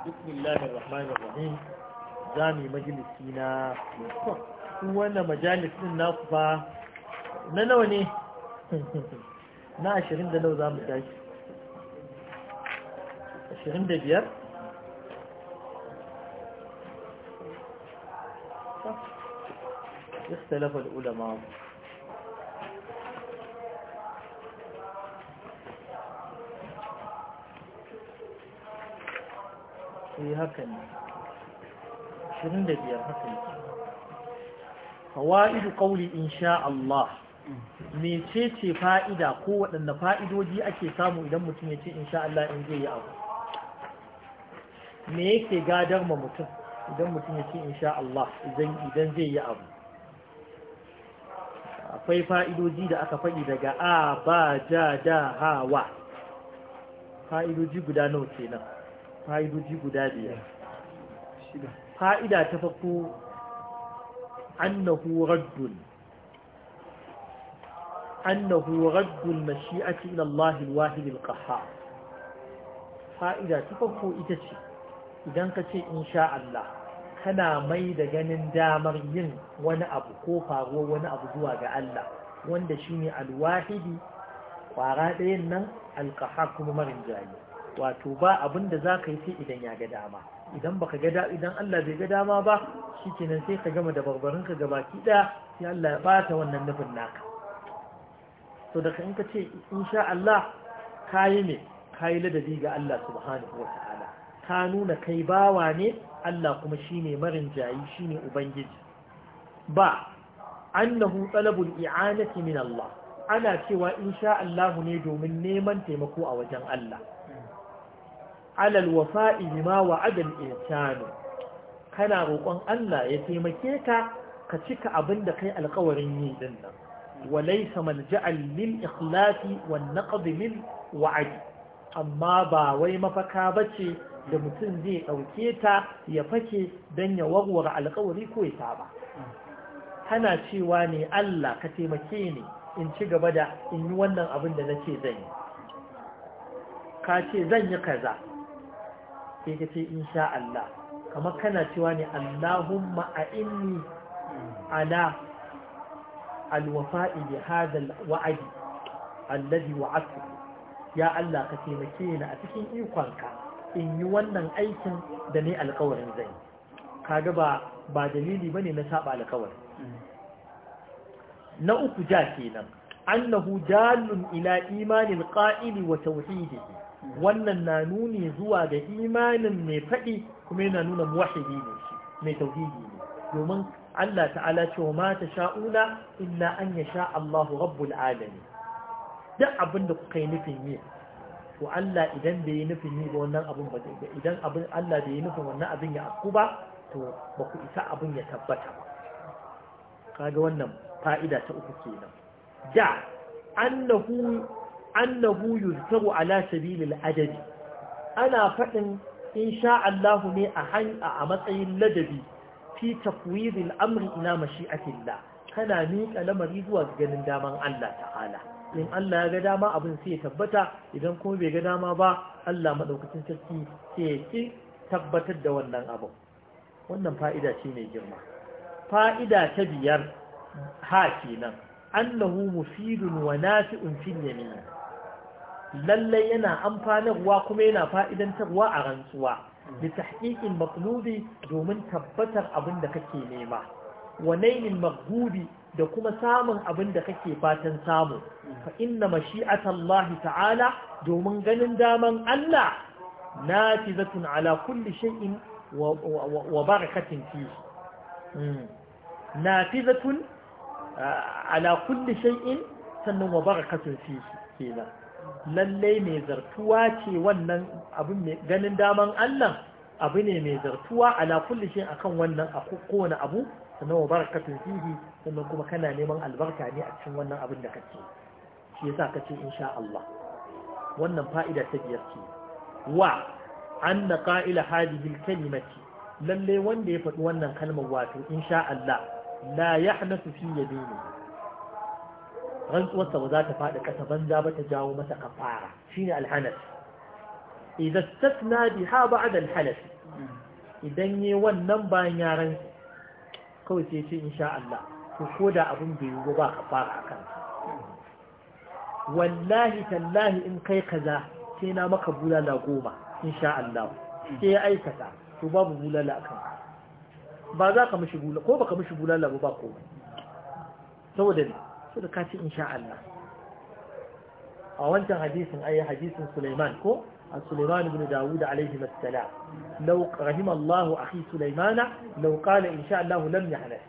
بسم الله الرحمن الرحيم زامي مجلسينا وانا مجالس النصفة ننوني na ashirin da nau za mu tashi ashirin da biyar اختلف العلماء yi. Eh, haka ne 25 haka ne fawaidu qawli insha Allah ce fa'ida ko waɗanda fa'idoji ake samu idan mutum ya ce insha Allah in zai yi abu me yake gadar ma mutum idan mutum ya ce insha Allah idan zai yi abu akwai fa'idoji da aka faɗi daga a ba ja da hawa fa'idoji guda nawa kenan fa'idoji guda biyar fa'ida ta farko annahu raddun annahu raddun mashi'ati ila Allah al-wahid al-qahhar fa'ida ta farko ita ce idan ka ce insha Allah kana mai da ganin damar yin wani abu ko faruwar wani abu zuwa ga Allah wanda shine al-wahidi kwara ɗayan nan al-qahhar kuma marin jami'a wato ba abin da za ka yi sai idan ya ga dama idan baka ga idan Allah bai ga dama ba shikenan sai ka gama da barbarin ka gabaki daya sai Allah ya bata wannan nufin naka to daga in ka ce insha Allah kayi ne kayi ladabi ga Allah subhanahu wataala ka nuna kai bawa ne Allah kuma shine marin jayi shine ubangiji ba annahu talabul i'anati min Allah ana cewa insha Allah ne domin neman taimako a wajen Allah alal wafa'i ma wa al-insanu kana roƙon Allah ya taimake ka ka cika abin da kai alkawarin yi din nan walaysa malja'al lil ikhlasi wan naqd lil wa'd amma ba wai mafaka ba ce da mutum zai ɗauke ta ya fake don ya warware alkawari ko ya saba Tana cewa ne Allah ka taimake ni in ci gaba da in yi wannan abin da nace zan yi ka ce zan yi kaza sai ka ce insha Allah kamar kana cewa ne Allahumma a inni ala alwafa'i bi hadal wa'adi alladhi wa'adtu ya Allah ka taimake ni a cikin ikonka in yi wannan aikin da ni alƙawarin zai kaga ba ba dalili bane na saba alƙawari na uku ja kenan annahu dalun ila imanin qa'ili wa tauhidihi wannan na nuni zuwa ga imanin mai faɗi kuma yana nuna muwahidi ne shi mai tauhidi ne domin Allah ta'ala ce wa mata sha'una illa an ya sha Allahu rabbul alamin duk abin da kuka yi nufin yi to Allah idan bai yi nufin yi wannan abin ba idan abin Allah bai yi nufin wannan abin ya afku ba to ba ku isa abin ya tabbata ba kaga wannan fa'ida ta uku kenan da annahu annahu yuzkaru ala sabilil adadi ana faɗin insha Allah ne a a matsayin ladabi fi tafwidil amri ila mashi'atillah kana miƙa lamari zuwa ganin daman Allah ta'ala in Allah ya ga dama abin sai ya tabbata idan kuma bai ga dama ba Allah madaukakin sarki sai ya ki tabbatar da wannan abu wannan fa'ida ce mai girma fa'ida ta biyar ha kenan annahu mufidun wa nafi'un fil yamin lallai yana amfanarwa kuma yana fa'idantarwa a rantsuwa da tahqiqin maqlubi domin tabbatar abin da kake nema wanainin nailin da kuma samun abin da kake fatan samu fa inna mashi'atallahi ta'ala domin ganin daman Allah natizatun ala kulli shay'in wa hmm. uh, ala kulli shay'in sannan wa barakatun fihi kenan lallai mai zartuwa ce wannan ganin daman Allah abu ne mai zartuwa ala kulli shi akan wannan a kowane abu sannan wa barakatun fihi sannan kuma kana neman albarka ne a cikin wannan abin da kake shi yasa kace insha Allah wannan fa'ida ta biyar ce wa anna qa'ila hadhihi al-kalimati Lallai wanda ya faɗi wannan kalmar wato insha Allah la yahnasu fi yadini rantsuwarsa ba za ta faɗi ƙasa banza ba ta jawo masa kafara shine alhanas idan tasna biha ba'da alhanas idan yi wannan bayan yaran kawai sai ce insha Allah to ko da abin bai yiwu ba kafara akan wallahi tallahi in kai kaza sai na maka bulala goma insha Allah sai ya aikata to babu bulala akan ba za ka mishi bulala ko baka mishi bulala ba ba komai saboda ne su da kaci insha Allah a wancan hadisin ayi hadisin Sulaiman ko A Sulaiman ibn Dawud Alayhi assalam law Allah akhi Sulaiman law qala insha Allah lam yahlas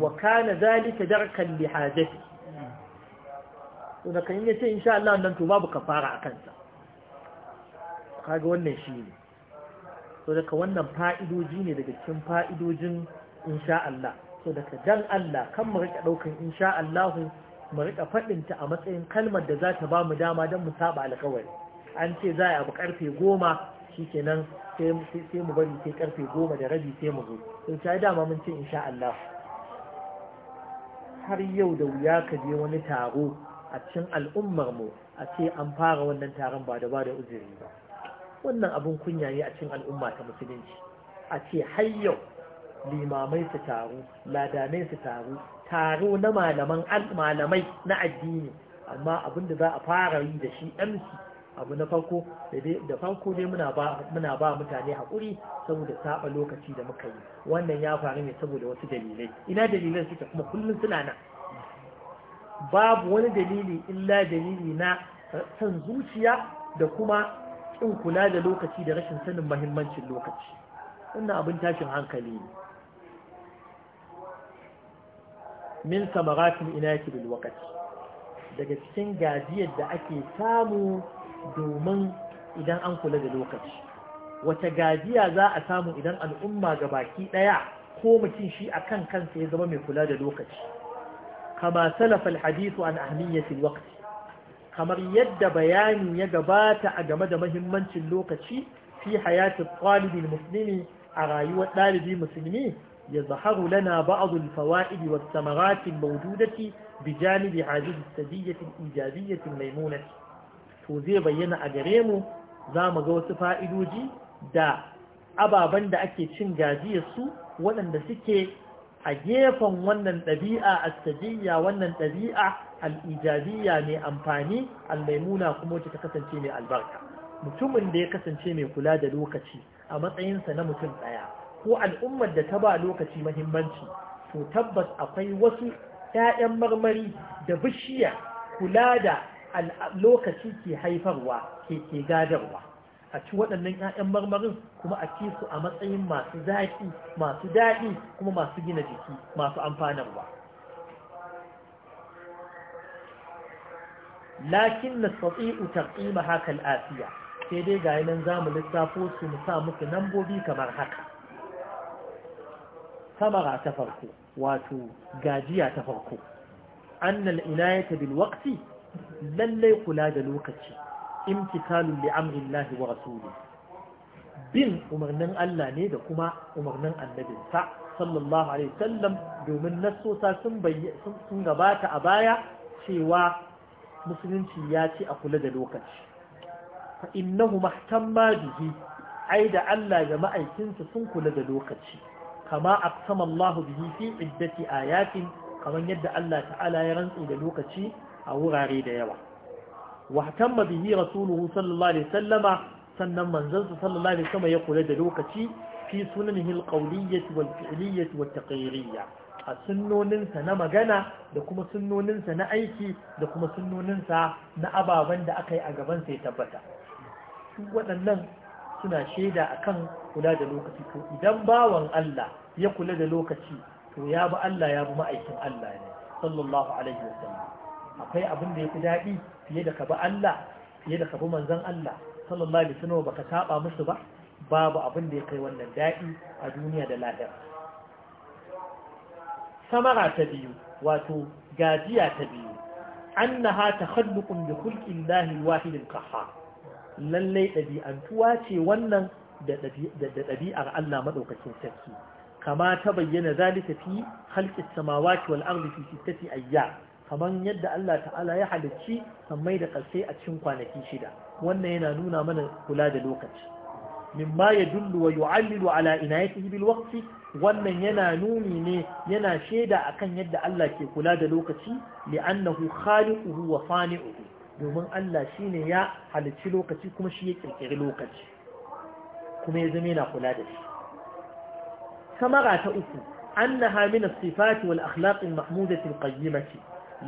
wa kana dhalika darkan li hajati to da kan yace insha Allah nan to babu kafara akan sa kaga wannan shine to daga wannan fa'idoji ne daga cikin fa'idojin insha Allah so daga dan Allah kan mu rike daukan insha Allah mu rika ta a matsayin kalmar da za ta ba mu dama don mu saba alkawari an ce za a yi abu karfe goma shikenan sai mu bari sai karfe goma da rabi sai mu zo to ta dama mun ce insha Allah har yau da wuya ka je wani taro a cikin al'ummar mu a ce an fara wannan taron ba da ba da uzuri ba wannan abun kunya ne a cikin al'umma ta musulunci a ce har yau limamai su taru ladanai su taru taro na malaman malamai na addini amma abin da za a fara yi da shi MC abu na farko da farko ne muna ba mutane haƙuri saboda saba lokaci da muka yi wannan ya faru ne saboda wasu dalilai ina dalilan suke kuma kullum suna nan babu wani dalili illa dalili na eh, san zuciya da kuma ƙin kula da lokaci da rashin sanin mahimmancin lokaci wannan abin tashin hankali ne min samaratin inaki bil waqti daga cikin gajiyar da ake samu domin idan an kula da lokaci wata gajiya za a samu idan al'umma ga baki daya ko mutum shi akan kansa ya zama mai kula da lokaci kama salafal alhadithu an ahmiyati alwaqti kamar yadda bayani ya gabata a game da mahimmancin lokaci fi hayati talibin muslimi a rayuwar ɗalibi musulmi يظهر لنا بعض الفوائد والثمرات الموجودة بجانب هذه السجية الإيجابية الميمونة توزي بينا أجريمو زام غوث فائدوجي دا أبا بند أكي تشنجاجي السوء ولن دسكي أجيفا ونن تبيئة السجية ونن تبيئة الإيجابية من أمفاني الميمونة كموتة كسنتيني البركة mutumin da ya kasance mai kula da lokaci a matsayinsa na mutum ɗaya ko al'ummar da ta ba lokaci mahimmanci to tabbas akwai wasu ‘ya'yan marmari da bishiya kula da lokaci ke haifarwa ke ke gadarwa a ci waɗannan ‘ya'yan marmarin kuma a ci su a matsayin masu zaƙi masu daɗi kuma masu gina jiki masu amfanarwa lakin na tsatsi'u tarƙima haka al'afiya sai dai ga yanan zamu lissafo su mu sa muku nambobi kamar haka samara ta farko wato gajiya ta farko annal inayata bil waqti lallai kula da lokaci imtikalun li amrillahi wa rasuli bin umarnin Allah ne da kuma umarnin annabinsa sallallahu alaihi wasallam domin nasosa sun sun gabata a baya cewa musulunci ya ce a kula da lokaci fa innahu mahtamma bihi ai da Allah da ma'aikinsa sun kula da lokaci kama aqsama Allah bihi fi a yakin kamar yadda Allah ta'ala ya rantsu da lokaci a wurare da yawa ma bihi rasuluhu sallallahu alaihi sannan manzansa sallallahu alaihi ya kula da lokaci fi sunan alqawliyyah wal fi'liyyah a sunnoninsa na magana da kuma sunnoninsa na aiki da kuma sunnoninsa na ababen da aka yi a gabansa ya tabbata waɗannan suna shaida akan kula da lokaci to idan bawan Allah ya kula da lokaci to ya bi Allah ya bi ma'aikin Allah ne sallallahu alaihi wasallam akwai abin da yafi daɗi fiye da ka bi Allah fiye da ka bi manzon Allah sallallahu alaihi wasallam baka saba musu ba babu abin da ya kai wannan daɗi a duniya da lahira samara ta biyu wato gajiya ta biyu annaha takhalluqun bi khulqi Allah wahidin wahid qahhar lallai ɗabi'antuwa ce wannan da ɗabi'ar Allah maɗaukacin sarki kama ta bayyana zalika fi halqis samawati wal ardi fi sittati ayyam kaman yadda Allah ta'ala ya halicci sammai da ƙasai a cikin kwanaki shida wannan yana nuna mana kula da lokaci mimma yadullu wa yu'allilu ala inayatihi bil waqti wannan yana nuni ne yana shaida akan yadda Allah ke kula da lokaci li'annahu khaliquhu wa sani'uhu domin Allah shine ya halici lokaci kuma shi ya kirkiri lokaci kuma ya zama yana kula da shi samara ta uku annaha min as-sifati wal akhlaq al qayyimati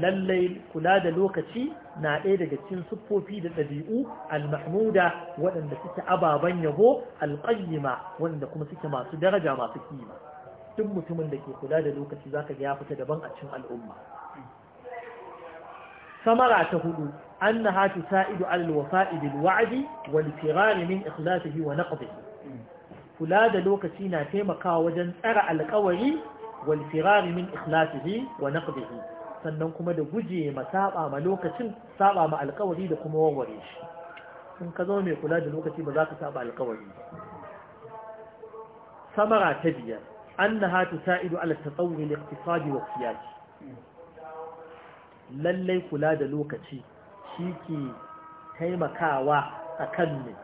lallai kula da lokaci na ɗaya daga cikin siffofi da ɗabi'u al-mahmuda waɗanda suke ababen yabo al-qayyima waɗanda kuma suke masu daraja masu kima duk mutumin da ke kula da lokaci zaka ga ya fita daban a cikin al'umma samara ta hudu أنها تساعد على الوفاء بالوعد والفرار من إخلافه ونقضه kula da lokaci na taimakawa wajen tsara alkawari wal firari min ikhlasihi wa naqdihi sannan kuma da guje ma saba ma lokacin saba ma alkawari da kuma warware shi in ka zo mai kula da lokaci ba za ka saba alkawari samara ta biyar annaha tusaidu ala tatawwur al-iqtisadi wa siyasi lallai kula da lokaci shi ke taimakawa a kan ne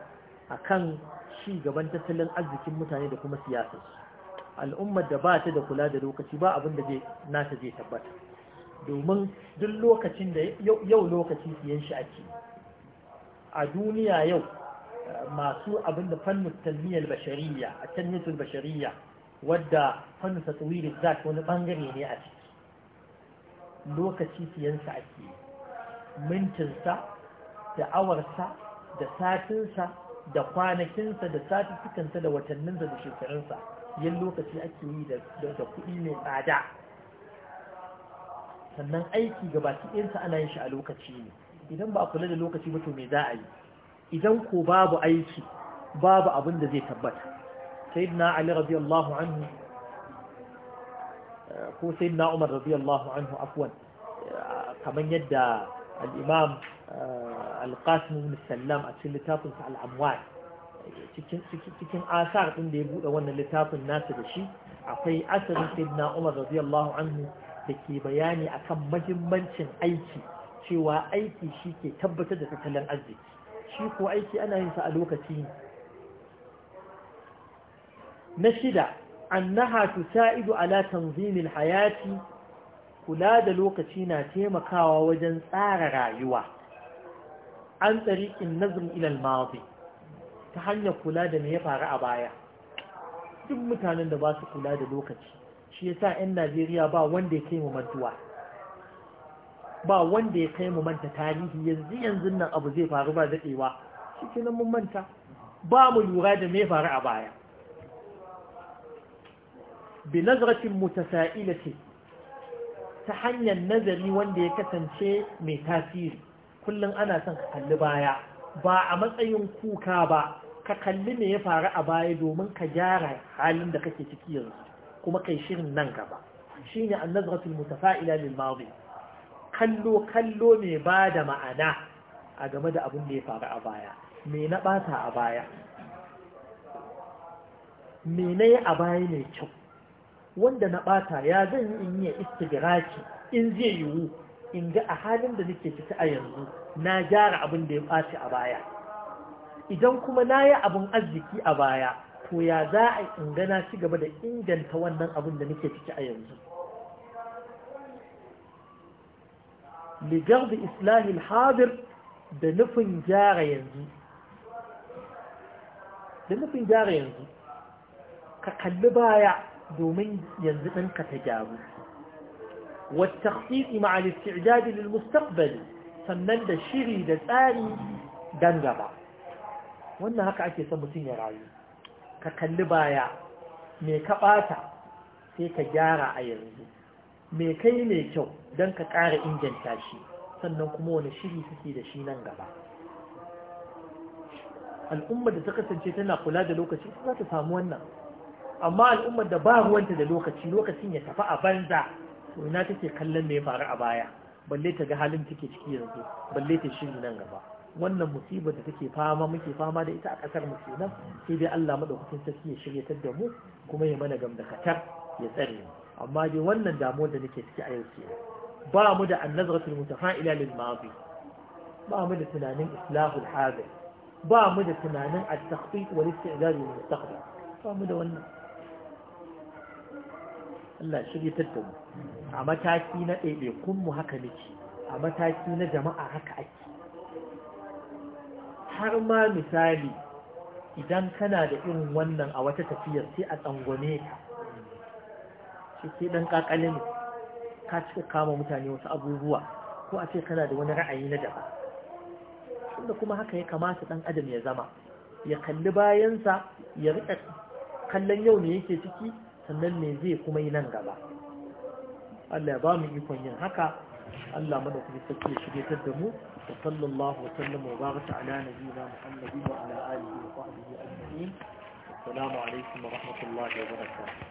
a kan shi gaban tattalin arzikin mutane da kuma siyasar al'ummar da ba ta da kula da lokaci ba abin da nata zai tabbata domin duk lokacin da yau lokaci siyan shi ake a duniya yau masu abin da fannin talmiyar bashariya a talmiyatul bashariya wadda fannin za ta wani bangare ne a ciki lokaci siyansa ake mintinsa da awarsa da satinsa da kwanakinsa da satuttukansa da watanninsa da shekarunsa yin lokaci ake yi da kuɗi mai tsada sannan aiki ga baki ɗinsa ana yin shi a lokaci ne idan ba a kula da lokaci ba to me za a yi idan ko babu aiki babu abin da zai tabbata sayyidina ali radiyallahu anhu eh, ko sayyidina umar radiyallahu anhu afwan eh, kamar yadda al'imam alƙasim ibn sallam a cikin littafinsa al'amwal cikin asar ɗin da ya buɗe wannan littafin nasa da shi akwai asarin sayyidina umar radiyallahu anhu da ke bayani akan mahimmancin aiki cewa aiki shi ke tabbatar da tattalin arziki shi ko aiki ana yin sa a lokaci ne na shida annaha tusa'idu ala tanzimil hayati kula da lokaci na taimakawa wajen tsara rayuwa an tsariƙin nazim ilal mawafi, ta hanyar kula da me ya faru a baya duk mutanen da ba su kula da lokaci shi yasa 'yan najeriya ba wanda ya kai mu mantuwa ba wanda ya kai mu manta tarihi yanzu yanzu nan abu zai faru ba daɗewa shi mun manta ba mu lura da me faru a baya bi nazratin mutasa'ilati ta hanyar nazari wanda ya kasance mai tasiri kullum ana son ka kalli baya ba a matsayin kuka ba ka kalli me ya faru a baya domin ka gyara halin da kake ciki yanzu kuma kai shirin nan gaba shine an-nazratul mutafa'ila lil madi kallo kallo mai ba da ma'ana a game da abin da ya faru a baya me na bata a baya me na yi a baya mai kyau wanda na ɓata ya zan yi in yi istidraki in zai yiwu in ga a halin da nake ciki a yanzu na gyara abin da ya bace a baya idan kuma na yi abin arziki a baya to ya za a in ga na ci gaba da inganta wannan abin da nake ciki a yanzu ligar da islahil hadir da nufin gyara yanzu da nufin gyara yanzu ka kalli baya domin yanzu ɗanka ta gyaru والتخطيط مع الاستعداد للمستقبل sannan da shiri da tsari don gaba wannan haka ake son mutum ya rayu ka kalli baya me ka ɓata sai ka gyara a yanzu me kai mai kyau don ka ƙara inganta shi sannan kuma wani shiri suke da shi nan gaba al'ummar da ta kasance tana kula da lokaci za ta samu wannan amma al'ummar da ba ruwanta da lokaci lokacin ya tafi a banza to ina take kallon me ya faru a baya balle ta ga halin take ciki yanzu balle ta shiri nan gaba wannan musibar da take fama muke fama da ita a kasar mu kenan sai dai Allah madaukakin sarki ya shiryatar da mu kuma ya mana gamdakatar ya tsare mu amma dai wannan damuwar da nake ciki a yau kenan ba mu da annazratul mutafa'ila lil madi ba mu da tunanin islahul hadir ba mu da tunanin at-takhfif wal istidad lil mustaqbal ba mu da wannan Allah shirye ta mu a mataki na ɗaiɗaikun mu haka nake a mataki na jama'a haka ake har ma misali idan kana da irin wannan a wata tafiyar sai a tsangwane ka shi sai ɗan ƙaƙale ne ka cika kama mutane wasu abubuwa ko a ce kana da wani ra'ayi na daban tunda kuma haka ya kamata ɗan adam ya zama ya kalli bayansa ya riƙa kallon yau ne yake ciki sannan ne zai kuma yi nan gaba Allah ya ba mu ikon yin haka Allah mana kuma sarki shige ta da mu wa sallallahu wa sallam wa baraka ala nabiyina Muhammadin wa ala alihi wa sahbihi ajma'in assalamu alaikum wa rahmatullahi wa barakatuh